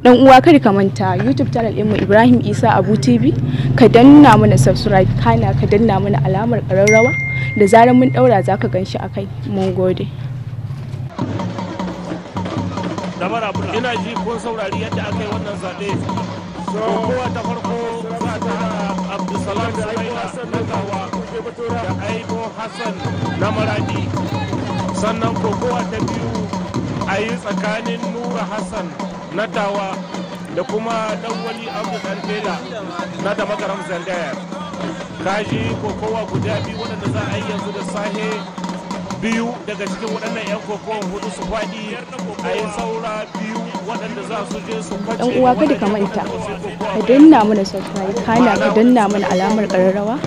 dan uwa kada ka manta youtube channel mu ibrahim isa abu tv ka danna mana subscribe kana ka danna mana alamar ƙararrawa da zarar mun ɗaura za ka akai shi a mun gode ina ji kun saurari yadda aka yi wannan zaɓe kowa ta farko za ta abdulsalam saraina na gawa da aibo hassan na maradi sannan kokowa ta biyu a yi tsakanin nura hassan natawa da kuma dawali abu tela na da makaram zandaya kaji kokowa guda biyu waɗanda za a yi yanzu da sahe biyu daga cikin waɗannan 'yan kokowa hudu su faɗi a yi saura biyu waɗanda za su je su kwace ɗan uwa kada ka manta ka danna mana subscribe kana ka danna mana alamar ƙararrawa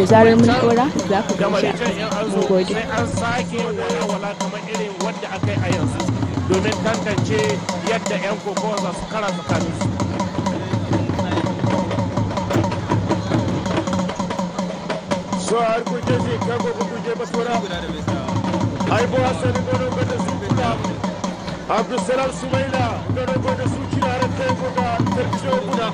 da zarar mun ɗora za ka gamshi a kan sai an sake wala kamar irin wanda aka yi a yanzu domin tantance yadda 'yan kokowa za su kara tsakaninsu so har kuje zai kago ku kuje basura haibu hassanin gano gada su fita abdulsalam sumaila gano gada su cina har ta yi kuka tarjiyo guda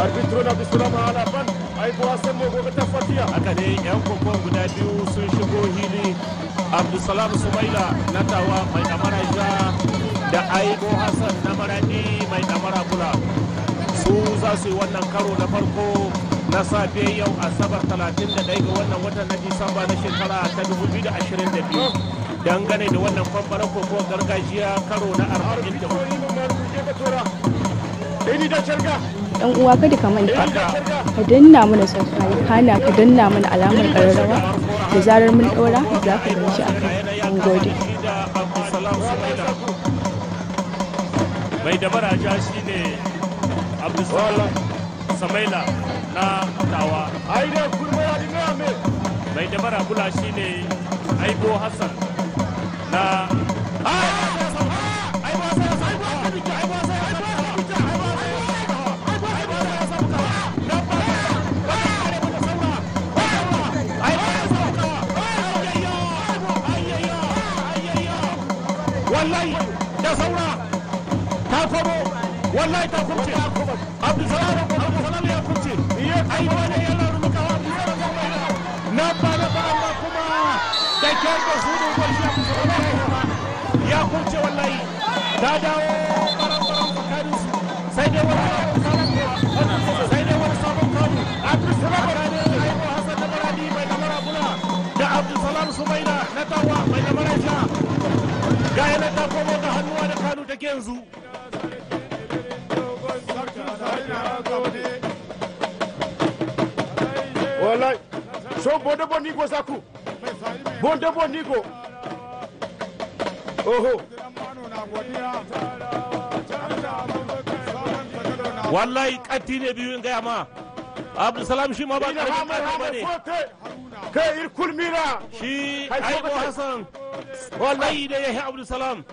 arbitron abdulsalam ala ban haifi wasan mai gobe ta fatiya haka ne yan kokon guda biyu sun shigo hili abdulsalam sumaila na tawa mai damara ja da aibo hassan na maradi mai damara kula su za su yi wannan karo na farko na safe yau asabar 31 ga wannan watan na disamba na shekara ta 2022 dangane da wannan kwamfarar kokon gargajiya karo na da 44 dan uwa kada ka manta ka danna mana subscribe kana ka danna mana alamar kararrawa da zarar mun daura za ka gani shi akai mun gode bai mai dabara ja shine abdulsalam samaila na fatawa ai da ya dinga me bai da bara bula shine aibo hassan na ai da saura ta komo wallahi ta kurce abdulsalam abdulsalam ya kurce ai yana rubukawa na ba da ba amma kuma da kyar da su ne ya kurce wallahi ta dawo take yanzu wallahi so bonde bonigo saku bonde bonigo oho wallahi katti ne biyu in gaya ma abdulsalam shi ma ba karfin kati ba ne kai irkul mira shi aiko hassan wallahi da yahi abdulsalam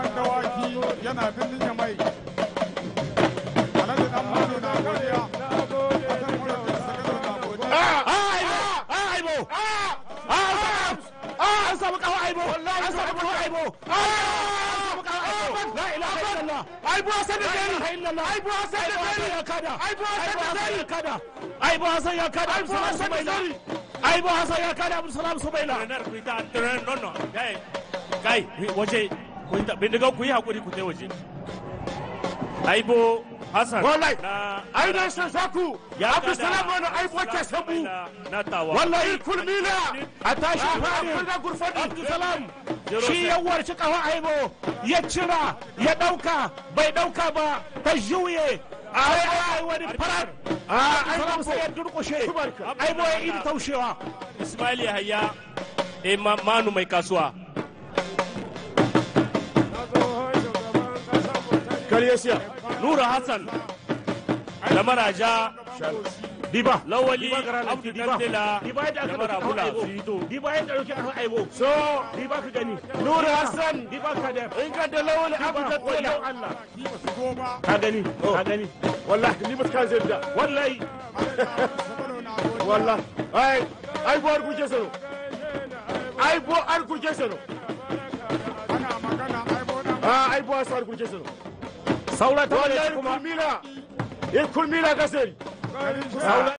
gaban dawaki yana birnin alhaji dan na godiya hasan ah, ah, ah, da gani aibo hasan da gani ya kada hasan da gani kada hasan ya kada hasan hasan ya kada kun ta bindiga ku yi hakuri ku kai waje aibo hasan Wallahi, ai na san saku, Abdulsalam wani aibo ke sabu. Wallahi kulmina a tashi fara kulna gurfani. shi ya warci kawa aibo, ya cira, ya dauka, bai dauka ba, ta juye. Ai ai wani farar. Abdulsalam sai ya durkushe. Aibo ya idi taushewa. Ismail Yahaya, eh manu mai kasuwa. كاليسيا نور حسن لمرا جا ديبا لولي ديبا لا ديبا لمرا بولا ديبا ايو سو ديبا كاني نور حسن ديبا كده انك دلول ابو تقول الله كاني كاني والله ني بس كان زيد والله والله اي اي بو ارجو جسرو اي بو ارجو جسرو انا ما كان اي بو اه اي بو ارجو جسرو saula ta mila in kun mila kasari